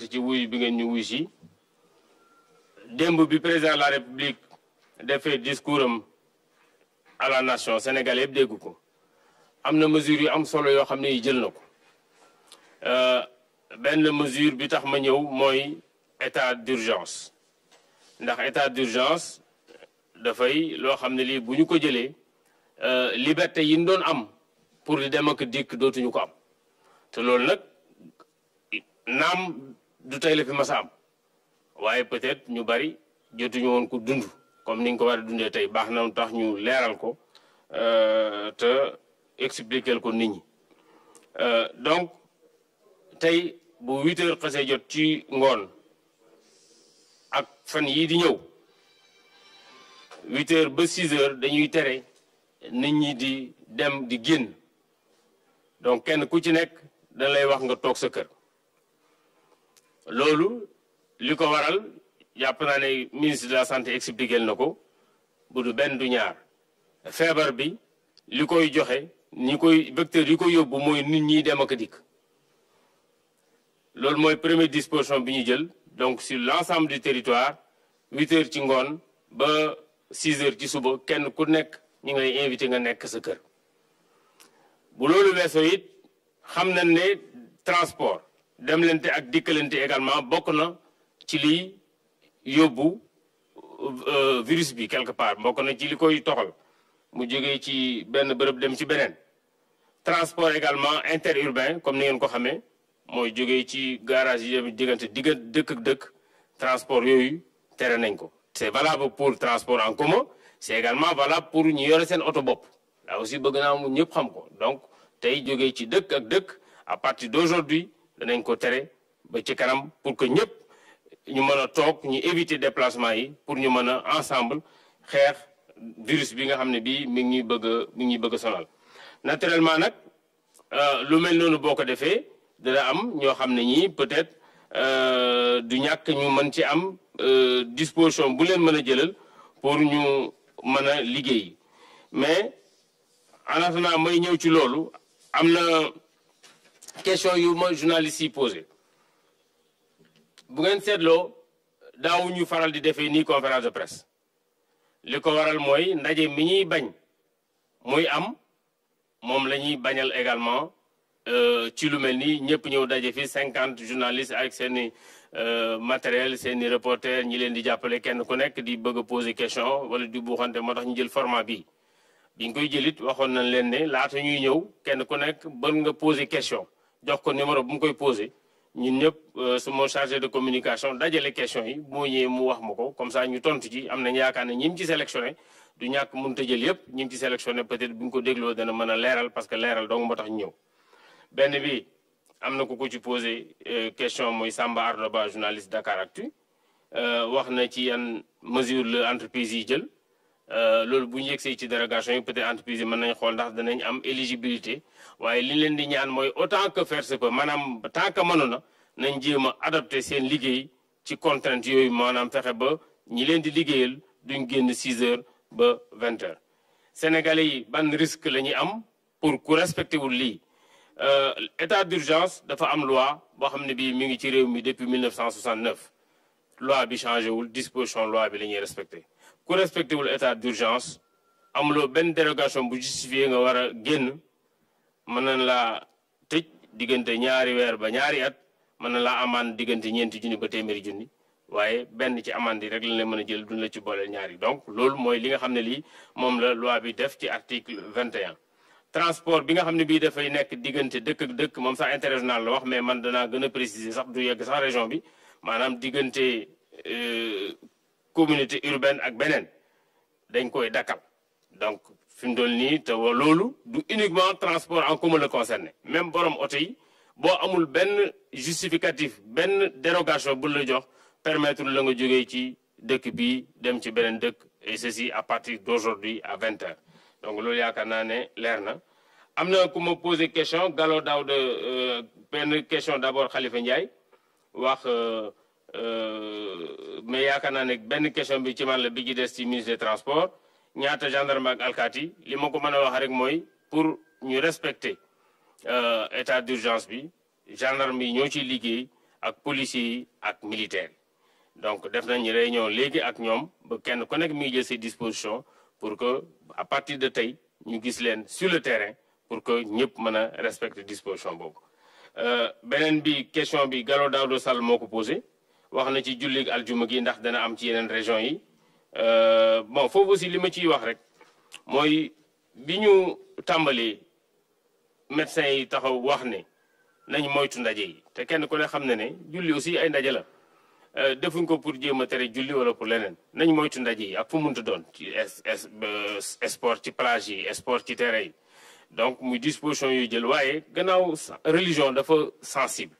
sant ci wuyu bi ngeen ñu wuy si démb bi président de la république defee discours am à la nation Sénégal yëpp dégg ko am na mesure yu am solo yoo xam ne yi jël na ko euh, benn mesure bi tax ma ñëw mooy état d'urgence ndax état d'urgence dafay loo xam ne lii bu ñu ko jëlee euh, liberté yi ñu doon am pour di dem ak dikk dootuñu ko am te loolu nag naam du tey la fi am waaye peut-être ñu bari jotuñu woon ko dund comme ni nga ko war a dundee tey baax na tax ñu leeral ko euh, te expliquer ko nit ñi euh, donc tey bu huit heures jot ci ngoon ak fan yii di ñëw huit heures ba six heures dañuy tere nit ñi di dem di génn donc kenn ku ci nekk da lay wax nga toog sa kër loolu li ko waral yàpp naa ne ministre de la santé expliqué na ko bu du benn du ñaar feebar bi li koy joxe ñi koy vecteur yi koy yóbbu mooy nit ñiy dem ak dikk loolu mooy premier disposition bi ñu jël donc sur l'ensemble du territoire huit heures ci ngoon ba six heures ci suba kenn ku nekk ñu ngi lay invité nga nekk sa kër bu loolu weesoo it xam na ne transport demlante ak dikkalante également bokk na ci liy yóbbu euh, virus bi quelque part bokk na ci li koy toxal mu jógee ci benn bërëb dem ci beneen transport également interurbain comme ni ngeen ko xamee mooy jógee ci garage yi dem diggante diggante dëkk ak dëkk transport yooyu tere nañ ko c'est valable pour transport en commun c'est également valable pour ñu yore seen oto bopp là aussi bëgg naa mu ñëpp xam ko donc tey jógee ci dëkk ak dëkk à partir d'aujourd'hui danañ ko tere ba ci kanam pour que ñëpp ñu mën a toog ñu éviter déplacement yi pour ñu mën a ensemble xeex virus bi nga xam ne bii mi ngi ñuy bëgg a ñuy bëgg a sonal naturellement nag euh, lu mel noonu boo ko defee dana am ñoo xam ne ñii peut-être euh, du ñàkk ñu mën ci am euh, disposition bu leen mën a jëlal pour ñu mën a liggéey mais en may ñëw ci loolu am na question yu ma journaliste si posé bu ngeen seetloo daawuñu faral di defee nii conférence de presse li ko waral mooy ndaje mi ñuy bañ muy am moom la ñuy bañal également euh, ci lu mel ni ñëpp ñëw daje fi cinquante journalistes ak seeni euh, matériel seeni reporter ñi leen di jàppale kenn ku nekk di bëgg a question wala di buuxante moo tax ñu jël format bi bi ñu koy jëlit waxoon nañ leen ne laata ñuy ñëw kenn ku nekk bën nga poser question jox ko numéro bu mu koy posé ñun ñëpp euh, suma chargé de communication dajale question yi moo ñëwee mu wax ma ko comme ça ñu tontu ci am nañ yaakaar ne ñi ci sélectionné du ñàkk mënut a jël yëpp ñi ci sélectionné peut-être bu ñu ko dégloo dana mën a leeral parce que leeral dong moo tax ñëw. benn bi am na ko ko ci posé euh, question mooy Samba Ardo Ba journaliste Dakaractu euh, wax na ci yan mesure le entreprise yi jël. Euh, loolu bu ñu yegsee ci dérogation yi peut-être entreprise mën nañ xool ndax danañ am éligibilité waaye li leen di ñaan mooy autant que faire se peut maanaam tant que mënu na nañ jéem a adopté seen liggéey ci contrainte yooyu maanaam fexe ba ñi leen di liggéeyal duñ génn 6 heures ba 20 heures. Sénégalais yi ban risque la ñuy am pour ku respecté wul lii euh, état d'urgence dafa am loi boo xam ne bii mu ngi ci réew mi depuis 1969 loi bi changé wul disposition loi bi la ñuy respecté. ku respecté wul état d'urgence amuloo benn dérogation bu justifié nga war a génn mën nañ laa tëj diggante ñaari weer ba ñaari at mën na laa amande diggante ñeenti junni ba téeméeri junni waaye benn ci amande yi rek lañ la mën a jël duñ la ci booleel ñaari donc loolu mooy li nga xam ne lii moom la loi bi def ci article 21. transport bi nga xam ne bii dafay nekk diggante dëkk dëkk moom sax interrégional la wax mais man danaa gën a préciser sax du yegg sax région bi maanaam diggante euh, communauté urbaine ak beneen dañ koy dakkal donc fi mu doon nii te loolu du uniquement transport en commun la concerné même borom oto yi boo amul benn justificatif benn dérogation bu la jox permettre la nga jógee ci dëkk bi dem ci beneen dëkk et ceci à partir d'aujourd'hui à vingt heures donc loolu yaakaar naa ne leer na am na ku ma posé question Gallo Daouda euh, benn question d'abord Khalifa Ndiaye wax euh, Euh, mais yaakaar naa ne benn question bi ci man la bi ci des ci ministre des transports ñaata gendarme ak alkaati li ma ko mën a wax rek mooy pour ñu respecter euh, état d'urgence bi gendarme yi ñoo ciy liggéey ak policiers yi ak militaires donc def nañ réunion léegi ak ñoom ba kenn ku nekk mi ngi si disposition dispositions pour que à partir de tey ñu gis leen sur le terrain pour que ñëpp mën a respecter disposition boobu euh, beneen bi question bi Gallo Daouda Sall moo ko posé wax na ci jullig aljuma gi ndax dana am ci yeneen région yi euh, bon foofu aussi li ma ciy wax rek mooy bi ñu tàmbali médecin yi taxaw wax ne nañ moytu ndaje yi te kenn ku ne xam na ne julli aussi ay ndaje la euh, defuñ ko pour jéem a tere julli wala pour leneen nañ moytu ndaje yi a fu muntu doon ci euh, sport ci plage yi sport ci terrain yi donc muy disposition yu jël waaye gannaaw religion dafa sensible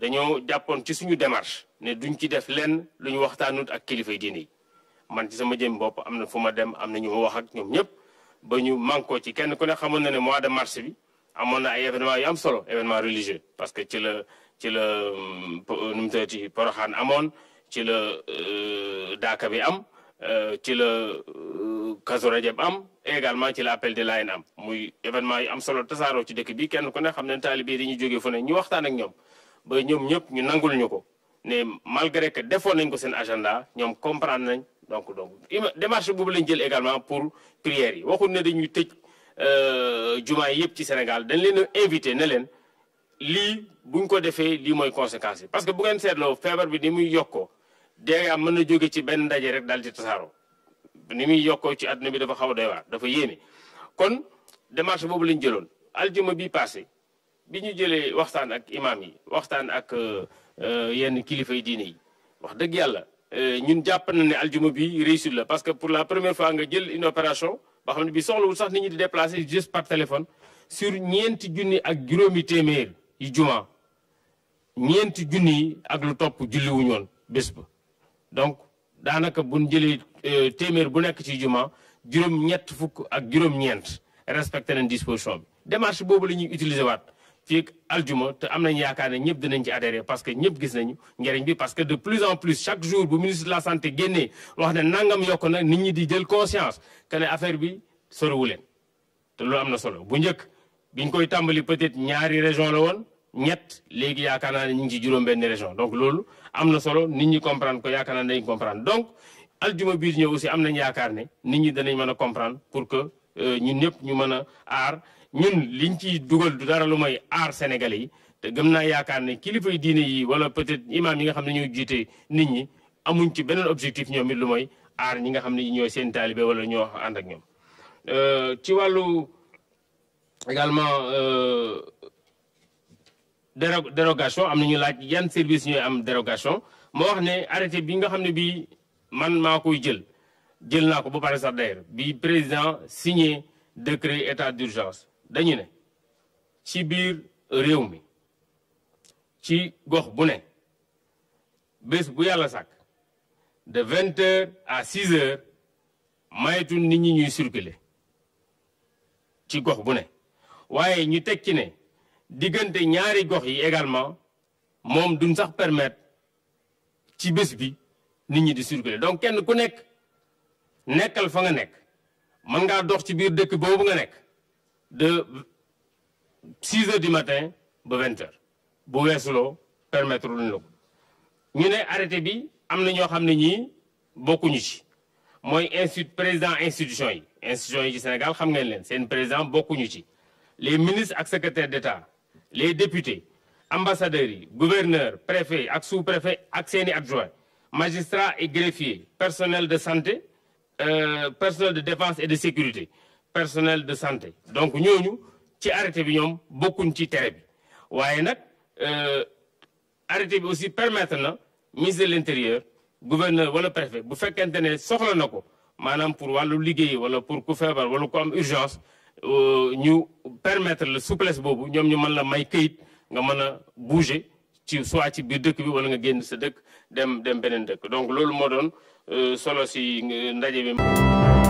dañoo jàppoon ci suñu démarche ne duñ ci def lenn lu ñu waxtaanut ak kilifay diine yi man ci sama jëm bopp am na fu ma dem am na ñu ma wax ak ñoom ñëpp ba ñu mànkoo ci kenn ku ne xamoon na ne mois de mars bi amoon na ay événement yu am solo événement religieux parce que ci la ci la euh, nu mu amoon ci la euh, daaka bi am euh, ci la kazu rajab am également ci la appel de Layène am muy événement yu am solo tasaaroo ci dëkk bi kenn ku ne xam ne taalibe yi dañuy jógee fu ne ñu waxtaan ak ñoom ba ñoom ñëpp ñu nangul ñu ko ne malgré que defoon nañ ko seen agenda ñoom comprendre nañ donc donc démarche boobu lañ jël également pour prières yi waxul ne dañuy tëj euh, jumaa yi yëpp ci Sénégal dañ leen a invité ne leen lii buñ ko defee lii mooy conséquence parce que bu ngeen seetloo feebar bi ni muy yokkoo dee am mën a jóge ci benn ndaje rek daal di tasaaroo ni muy yokkoo ci àdduna bi dafa xaw a doy waar dafa yéeme kon démarche boobu lañ jëloon aljuma bi passé bi ñu jëlee waxtaan ak imaam yi waxtaan ak euh, euh, yenn kilifa yi diine yi wax dëgg yàlla euh, ñun jàpp na ne aljuma bi réussite la parce que pour la première fois nga jël une opération boo xam ne bi soxlawul sax nit ñi di déplacer juste par téléphone sur ñeenti junni ak juróomi téeméer yi juma ñeenti junni yi ak lu topp julliwuñu woon bés ba donc daanaka buñ jëlee téeméer bu nekk ci juma juróom-ñett fukk ak juróom-ñeent respecté nañ disposition bi démarche boobu la ñuy utiliser waat fii aljuma te am nañ yaakaar ne ñëpp dinañ ci adhéré parce que ñëpp gis nañu njëriñ bi parce que de plus en plus chaque jour bu ministre de la santé génnee wax ne nangam yokk na nit ñi di jël conscience que ne affaire bi soriwu leen te loolu am na solo bu njëkk biñ koy tàmbali peut-être ñaari région la woon ñett léegi yaakaar naa ne ñu ngi ci juróom-benn région donc loolu am na nit ñi comprendre ko yaakaar naa ne dañ comprendre donc aljuma biir ñëw aussi am nañ yaakaar ne ni ñi danañ mën a comprendre pour que euh, ñun ñëpp ñu mën a aar ñun liñ ci dugal du dara lu may aar Sénégalais yi te gëm naa yaakaar ne kilifay diine yi wala peut-être imaam yi nga xam ne ñoo jiite nit ñi amuñ ci benn objectif ñoom it lu mooy aar ñi nga xam ne ñooy seen taalibe wala ñoo ànd ak ñoom. Euh, ci wàllu également euh, déro dérogation am nañu laaj yan service ñooy am dérogation moo wax ne arrêté bi nga xam ne bii man maa koy jël jël naa ko ba pare sax d'ailleurs bi président signé décret état d'urgence dañu ne ci biir réew mi ci gox bu ne bés bu yàlla sàkk de vingt heures à six heures maytu nit ñi ñuy circuler ci gox bu ne waaye ñu teg ci ne diggante ñaari gox yi également moom duñ sax permettre ci bés bi nit ñi di circuler donc kenn ku nekk nekkal fa nga nekk man ngaa dox ci biir dëkk boobu nga nekk de six heures du matin ba vingt bu weesuloo permettre luñ la ko ñu ne arrêté bi am na ñoo xam ne ñii bokkuñu ci mooy institut président institution yi institution yi ci Sénégal xam ngeen leen seen président bokkuñu ci les ministres ak secrétaires d'État les députés ambassadeurs yi gouverneurs préfets ak sous-préfets ak seeni adjoints magistrats et greffiers personnel de santé euh, personnel de défense et de sécurité personnel de santé donc ñooñu ci arrêté bi ñoom bokkuñ ci tere bi waaye nag euh, arrêté bi aussi permettre na ministre de l'intérieur gouverneur wala préfet bu fekkente ne soxla na ko maanaam pour wàllu liggéey wala pour ku feebar wala ko am urgence euh, ñu permettre la souplesse boobu ñoom ñu mën la may këyit nga mën a bouger ci soit ci biir dëkk bi wala nga génn sa dëkk dem dem beneen dëkk donc loolu moo doon euh, solo si ndaje bi.